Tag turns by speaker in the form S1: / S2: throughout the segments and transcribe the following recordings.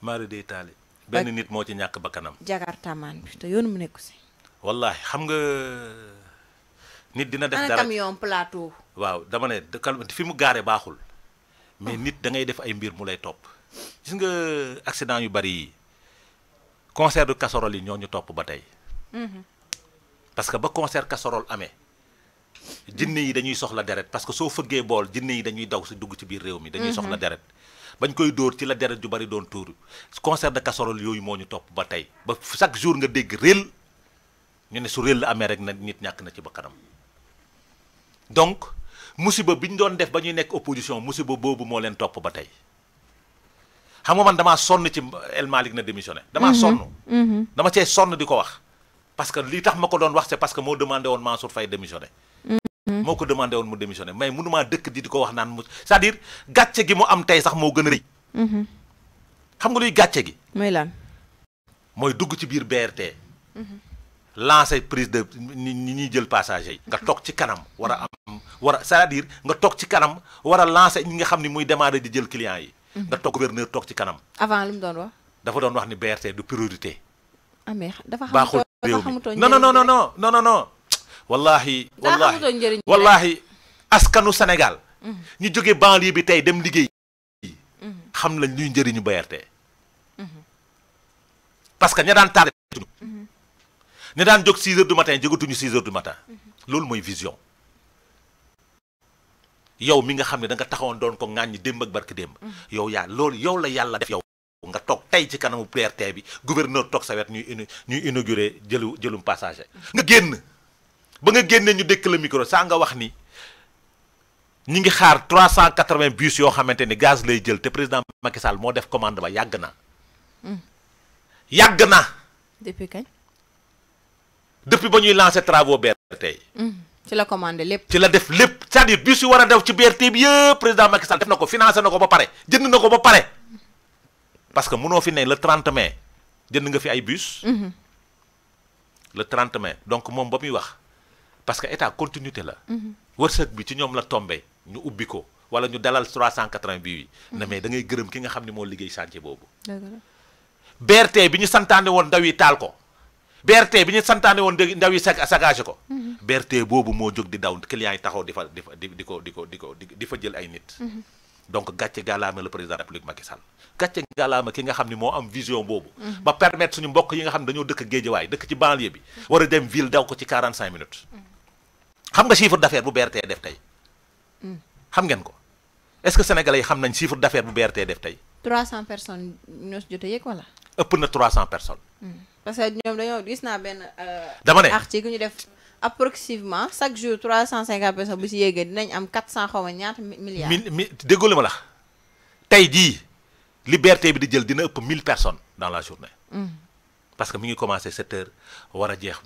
S1: maara day taali benn nit moo ci ñàkk ba kanam
S2: jakartamaan bi te yoonu
S1: mu nekku si wallaahi xam nga nit dina def dara waaw dama ne fi mu gaare baaxul mais ah. nit dangay def ay mbir mu lay topp gis nga accident yu bari yi concert de yi ñoo ñu topp ba tey mhm. parce que ba concert casserole amee jinne yi dañuy soxla deret parce que soo fëggee bool jinne yi dañuy daw si dugg ci biir réew mi dañuy soxla mhm. deret bañ koy dóor ci la deret ju bari doon tuur concert de casserole yooyu moo ñu topp ba tey ba chaque jour nga dégg réel ñu ne su réel la amee rek na nit ñàkk na ci ba kanam donc musiba bi ñu doon def ba ñuy nekk opposition musiba boobu moo leen topp ba tey xam nga man damaa sonn ci El Malick na démissionné. damaa mhm. sonn. Mhm. dama cee sonn di ko wax. parce que li tax ma ko doon wax c'est parce que moo demandé moo ko demandé woon mu démissionné mais mënumaa dëkk di di ko wax naan mu cest à gàcce gi mu am tey sax moo gën a rëy. Mm-hmm. xam nga luy gàcce gi. mooy lan. mooy dugg ci biir BRT. Mm-hmm. lancer prise de ñi ñuy jël passager yi. nga toog ci kanam war a am war a cest nga toog ci kanam wara a lancer ñi nga xam ni muy demande di jël clients yi. Mm-hmm. nga toog gouverneur toog ci kanam.
S2: avant lu mu doon wax.
S1: dafa doon wax ni BRT du priorité.
S2: ah dafa xamutoo dafa xamutoo non
S1: non non wallahi wallahi wallahi askanu senegal mm. ñu jóge banlieue bi tey dem liggéey mm. xam lañ luy njëriñu BRT mm-hmm. parce que ña daan tardé mm-hmm. ña daan jóg 6 heures du matin jógatuñu 6 heures du matin mm-hmm. loolu mooy vision yow mi nga xam ne danga nga taxawoon doon ko ŋàññi démb ak barki démb yow yaa loolu yow la yàlla def yow nga toog tey ci kanamu BRT bi gouverneur toog sa wet ñuy ñuy inauguré jëlu jëlum passager nga génn ba nga génne ñu dékk le micro saa nga wax ni ñi ngi xaar 380 bus yoo xamante ni gaz lay jël te président Macky Sall moo def commande ba yàgg na hmm. yàgg na depuis kañ depuis ba ñuy lancer travaux BRT yi
S2: hmm. ci la commandé lépp
S1: ci la def lépp c'est-à-dire bus yu war a def ci BRT bi yëpp président Macky Sall def na ko financé na ko ba pare jënd na ko ba pare parce que mënoo fi ne le 30 mai jënd nga fi ay bus hmm. le 30 mai donc moom ba muy wax parce que état continuité la. Mhm. wërsëg bi ci ñoom la tombé ñu ubbi ko wala ñu dalal 380 bi yi. na mais da ngay gërëm ki nga xam ne moo liggéey chantier boobu. BRT bi ñu santaane woon ndaw yi taal ko. BRT bi ñu santaane woon ndaw yi sag sagage ko. Mhm. BRT boobu moo jóg di daw clients yi taxaw di fa di di ko di ko di ko di fa jël ay nit. Mhm. donc gàcce la République Macky Sall gàcce gàllaama ki nga xam ne moo am vision boobu. ba permettre suñu mbokk yi nga xam ne dañoo dëkk géejawaay dëkk ci banlieue bi. war a dem ville daw ko ci 45 minutes. xam nga chiffre d'affaires bu BRT def tey. Hmm. xam ngeen ko est-ce que sénégalais yi xam nañ chiffre d'affaires bu BRT def tey.
S2: 300 personnes ñoo si jot a yëg wala.
S1: ëpp na 300 personnes.
S2: Hmm. parce que ñoom dañoo gis naa benn. Euh, dama ne article ñu def approximativement chaque jour 350 personnes bu si yéegee dinañ am 400 xaw ma ñaata milliards. mi
S1: mi déggoo ma la tey jii liberté bi di jël dina ëpp 1000 personnes dans la journée. Hmm. parce que ngi commencé 7 heures war a jeex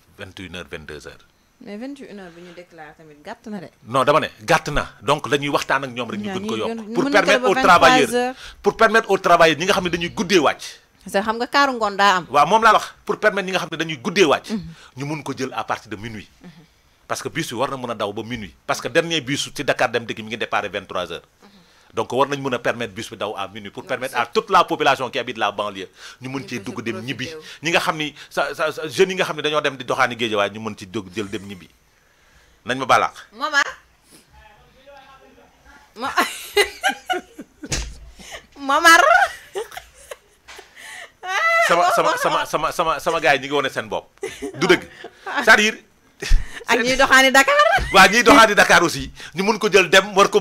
S2: mais 21 heures bi ñu déclaré tamit gàtt na de.
S1: non dama ne gàtt na donc la waxtaan ak ñoom rek. ñu gën ko yokk pour permettre aux travailleurs pour permettre aux travailleurs ñi nga xam ne dañuy guddee wàcc.
S2: parce que xam nga kaaru ngoon daa am.
S1: waaw moom laa wax pour permettre ñi nga xam ne dañuy guddee wàcc. Mhm. ñu mun ko jël à partir de minuit. Mhm. parce que bus war na mën a daw ba minuit. parce que dernier bus ci Dakar dem dëkk mi ngi départ 23 heures. donc war nañ nous permettre bus à pour permettre à toute la population qui habite la banlieue ñu nous dem ne dem di ñu des jël dem ma
S2: mama
S1: sama sama sama sama sama ñi ngi des c'est-à-dire Dakar. Dakar aussi ñu ko jël dem war ko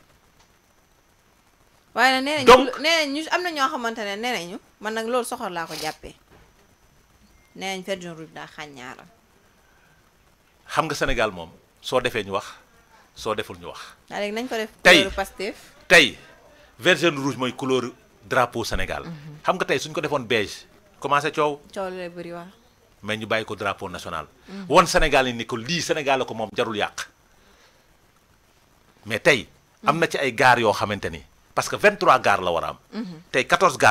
S2: waaye nag nee nañu nee am na ñoo xamante ne nee nañu man nag loolu soxor laa ko jàppee nee nañ Verdun rouge daa xañ
S1: xam nga Sénégal moom soo defee ñu wax soo deful ñu wax.
S2: daa nañ ko def couleur Pastef
S1: tey tey Verdun rouge mooy couleur drapeau Sénégal. Mhm. xam nga tey suñ ko defoon beige commencé coow.
S2: coow lay bëri wax.
S1: mais ñu bàyyi ko drapeau national. Mhm. woon Sénégal ni ko lii Sénégal ko moom jarul yàq mais tey am na ci ay gaar yoo xamante ni. parce que 23 gares la war a am. Mhm. tey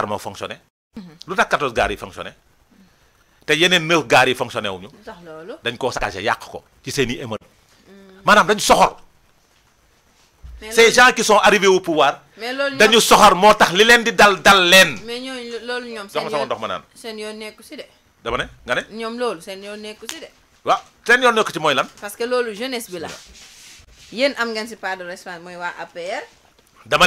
S1: moo fonctionné. Mhm. lu tax 14 gares yi fonctionné te yeneen 9 gares yi fonctionné wuñu. dañ koo saccagé yàq ko ci seen i émeute. Mm. maanaam dañ soxor. ces gens qui sont arrivés au pouvoir.
S2: dañu soxor
S1: moo tax li leen di dal dal leen.
S2: mais ñooñu loolu ñoom. seen yoon dox ma naan seen yoon nekku si de. dama ne nga ne. ñoom loolu seen yoon nekku si de.
S1: waaw seen yoon nekku ci mooy lan.
S2: parce que loolu jeunesse bi la. yéen am ngeen si part de responsabilité mooy waa APR. dama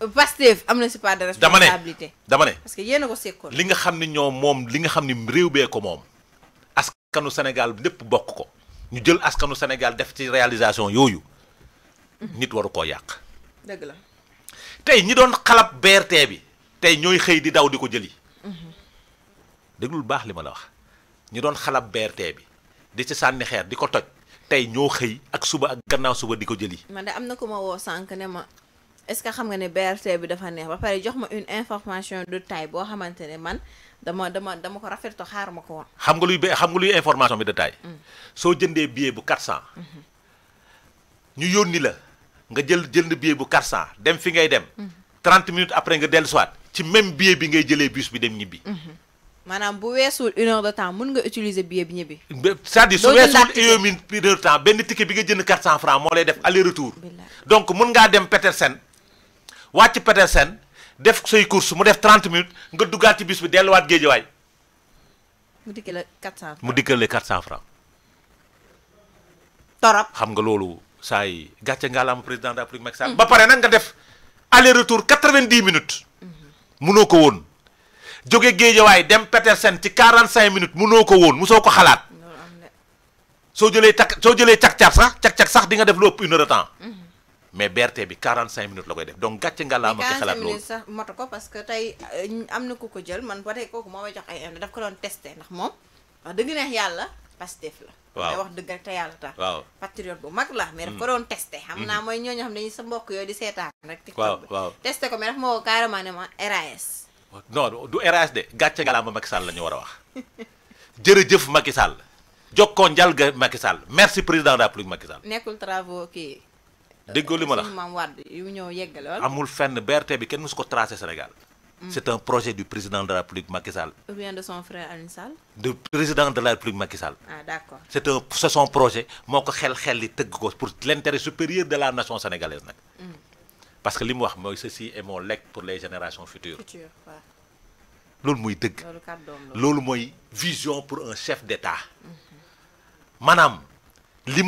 S2: Pastef am na si part de responsabilité dama ne dama ne. parce que ko sekkoon.
S1: li nga xam ni ñoo moom li nga xam ni réew bee ko moom. askanu senegal lépp bokk ko ñu jël askanu Sénégal def ci réalisation yooyu nit waru koo yàq. dëgg la tey ñi doon xalab BRT bi tey ñooy xëy di daw di ko jëli. déglul baax li ma la wax ñi doon xalab berte bi di ci sànni xeer di ko toj tey ñoo xëy ak suba ak gannaaw suba di ko jëli.
S2: man est-ce que xam nga ne BRT bi dafa neex ba pare jox ma une information de taille boo xamante ne man dama dama dama ko rafetlu xaar ma ko woon.
S1: xam nga luy xam nga luy information bi de taille. Mm. soo jëndee billet bu 400. Mm-hmm. ñu yónni la nga jël jënd billet bu 400 dem fi ngay dem. 30 mm-hmm. minutes après nga dellusiwaat ci même billet bi ngay jëlee bus bi dem ñibbi. Mm-hmm.
S2: maanaam bu weesul une heure de temps mun nga utiliser billet bi ñibbi.
S1: c'est-à-dire su weesul une heure de temps benn ticket bi nga jënd 400 francs moo lay def aller retour. donc mun ngaa dem Peter Sen. wacc peter sen def say course mu def 30 minutes nga duggaat ci bis bi delu wat delluwaat way
S2: mu dikel 400
S1: mu dikel 400 francs. torop xam nga lolu say gatcha nga la am president de la republique Macky mm. ba pare nak nga def aller retour 90 minutes. munoo ko joge jóge way dem peter sen ci 45 minutes munoo ko won muso ko xalat so jëlee tak so jëlee tak tak sax tak tak sax di nga def lopp une heure temps. Mm-hmm. mais BRT bi 45 minutes la koy def donc gàcce ngalaama ki xalaat
S2: loolu que tey euh, am na ku ko jël man ba kooku moo may jox ay daf ko doon testé ndax moom yàlla Pastef la waaw wax dëgg rek te yàlla tax waaw bu mag la mais daf ko mm-hmm. doon testé naa mm-hmm. mooy ñooñu xam dañuy sa mbokk yooyu seetaan rek
S1: TikTok waaw
S2: testé ko mais daf ma woo carrément ne ma RAS
S1: non du RAS de gàcce ngalaama Macky la ñu war a wax jërëjëf Macky Sall jokkoo njal ga Macky Sall merci président de la République Macky Sall
S2: nekkul travaux kii
S1: Sénégal. Mm. c'est un projet du président de la République Macky Sall.
S2: de son frère Sall.
S1: du président de la République Macky ah d'accord c'est son projet pour l'intérêt supérieur de la nation sénégalaise mm. parce que ceci est mon legs pour les générations futures.
S2: C'est muy
S1: vision pour un chef d'État. Mm-hmm. Madame li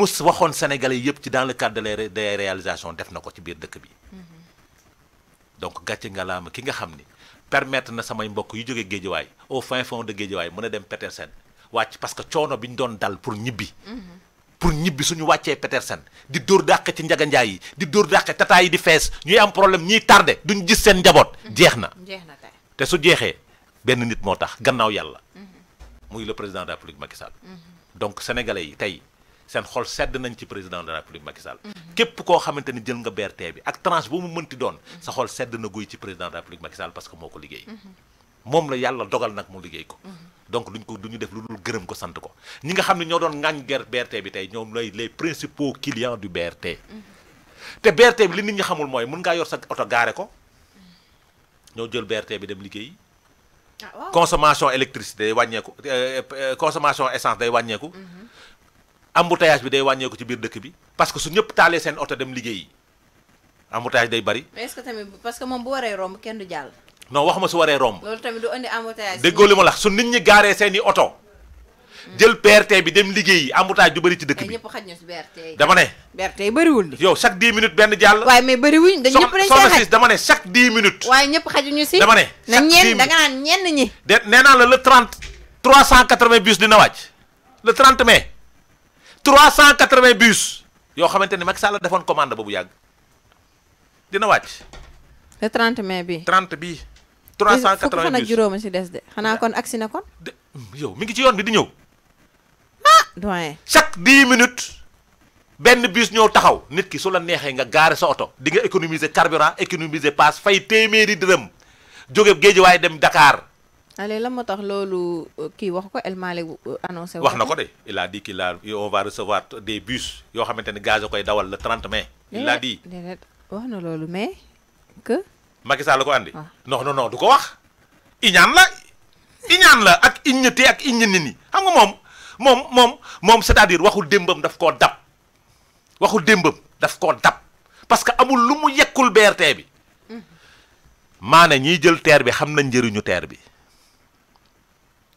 S1: sénégalais yépp dans le cadre de des réalisations def ci biir dëkk bi mm-hmm. donc gàcce que ki nga permettre na samay mbokk yu joggé au fin fond de dem Petersen parce que choono biñ dal pour ñibbi mm-hmm. pour ñibbi suñu wàccee Petersen di nous à ci njaganjaay yi di Tataï, yi di fess ñuy am problème tardé gis mm-hmm. na te su ben nit gannaaw muy le président de la République Macky donc sénégalais seen xol sedd nañ ci président de la république Macky képp koo xamante ni jël nga BRT bi ak tranche boo mu mënti doon. sa xol sedd na guy ci président de la république Macky Sall parce que moo ko liggéey. moom la yàlla dogal nag mu liggéey ko. donc duñ ko duñu def lu dul gërëm ko sant ko ñi nga xam ne ñoo doon ngaañ ger BRT bi tey ñoom lay les principaux clients du BRT. te BRT bi li nit ñi xamul mooy mun ngaa yor sa oto gaare ko ñoo jël BRT bi dem liggéey ah, consommation électricité day euh, euh, embouteillage bi day wàññeeku ci biir dëkk bi parce que su ñëpp taalee seen auto dem liggéey embouteillage day bari.
S2: mais est-ce que tamit parce que moom bu waree romb kenn du jàll.
S1: non waxuma su waree romb.
S2: loolu tamit du indi embouteillage. déggoo
S1: li ma la su nit ñi garé seen i hmm. jël PRT bi dem liggéey embouteillage du bari ci dëkk bi.
S2: ñëpp xaj ci si BRT
S1: dama né BRT bari wul yow chaque 10 minutes benn jàll. waaye mais wuñ dañ ñëpp dañ cee dama né chaque 10 minutes.
S2: waaye ñëpp ñu si. dama né chaque 10 da nga
S1: naan ñen ñi. de nee naa la le 30 380 bus dina wàcc le 30 mai trois cent quatre vingt bus yoo xamante ni Macky Sall defoon commande boobu yàgg dina wàcc.
S2: le 30 mai bi
S1: trent bi. 380 fukk fan ak juróom
S2: ci des de xanaa kon agsi na kon.
S1: yow mi ngi ci yoon bi di ñëw. ah doyen. chaque 10 minutes benn bus ñëw taxaw nit ki su la neexee nga gaare sa oto di nga économiser carburant économiser paas fay téeméeri dërëm jóge géej waaye dem Dakar
S2: allez ah, lan moo tax loolu euh, kii wax ko El Malick euh, wax na ko de
S1: il a dit qu'il a va recevoir des bus yoo xamante ne gaz a koy dawal la trent mai. il a dit
S2: wax na loolu mais que.
S1: Macky ko andi. Ah. non non non du ko wax. iñaan la iñaan la ak iññate ak iññan ni xam nga moom moom moom moom c'est-à-dire waxul démbam daf koo dab waxul démbam daf koo dab parce que amul lu mu yekkul BRT bi. Mm. maanaam ñiy jël terre bi xam nañ njëriñu teer bi.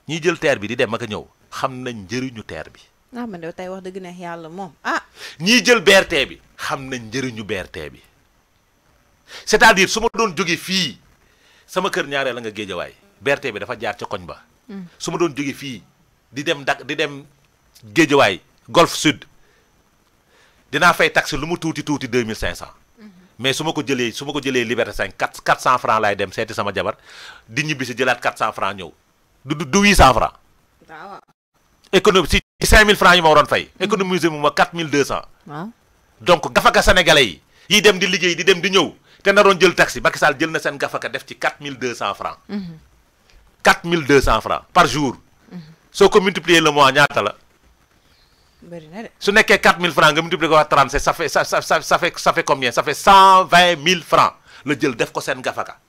S1: ñi jël terre bi di dem ak ñew xam nañ njëriñu terre bi
S2: ah man de tey wax deug neex yalla mom ah
S1: ñi jël berté bi xam nañ njëriñu berté bi c'est-à-dire suma doon joggé fi sama kër ñaaré la nga way berté bi dafa jaar ci koñ ba hmm. suma doon joggé fi di dem dak di dem way golf sud dina fay taxi lu mu tuuti tuuti 2500 hmm. mais suma ko jëlé suma ko jëlé liberté 5 400 francs lay dem séti sama jabar di ñibisi jëlat 400 francs ñew De 800 francs économie si 5000 francs yi ma waron fay 4200 donc gafaka sénégalais yi yi dem di di dem di ñëw té taxi jël na gafaka 4200 francs 4200 mhm. francs par jour Si -hmm. soko multiplier le mois Si la bari na su 4000 francs ça fait combien ça, fait 120 000 francs le gafaka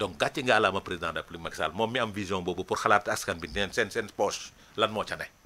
S1: donc gàcce nga alaama président de la république Macky Sall moom mi am vision boobu pour xalaat askan bi neen seen seen poche lan moo ca ne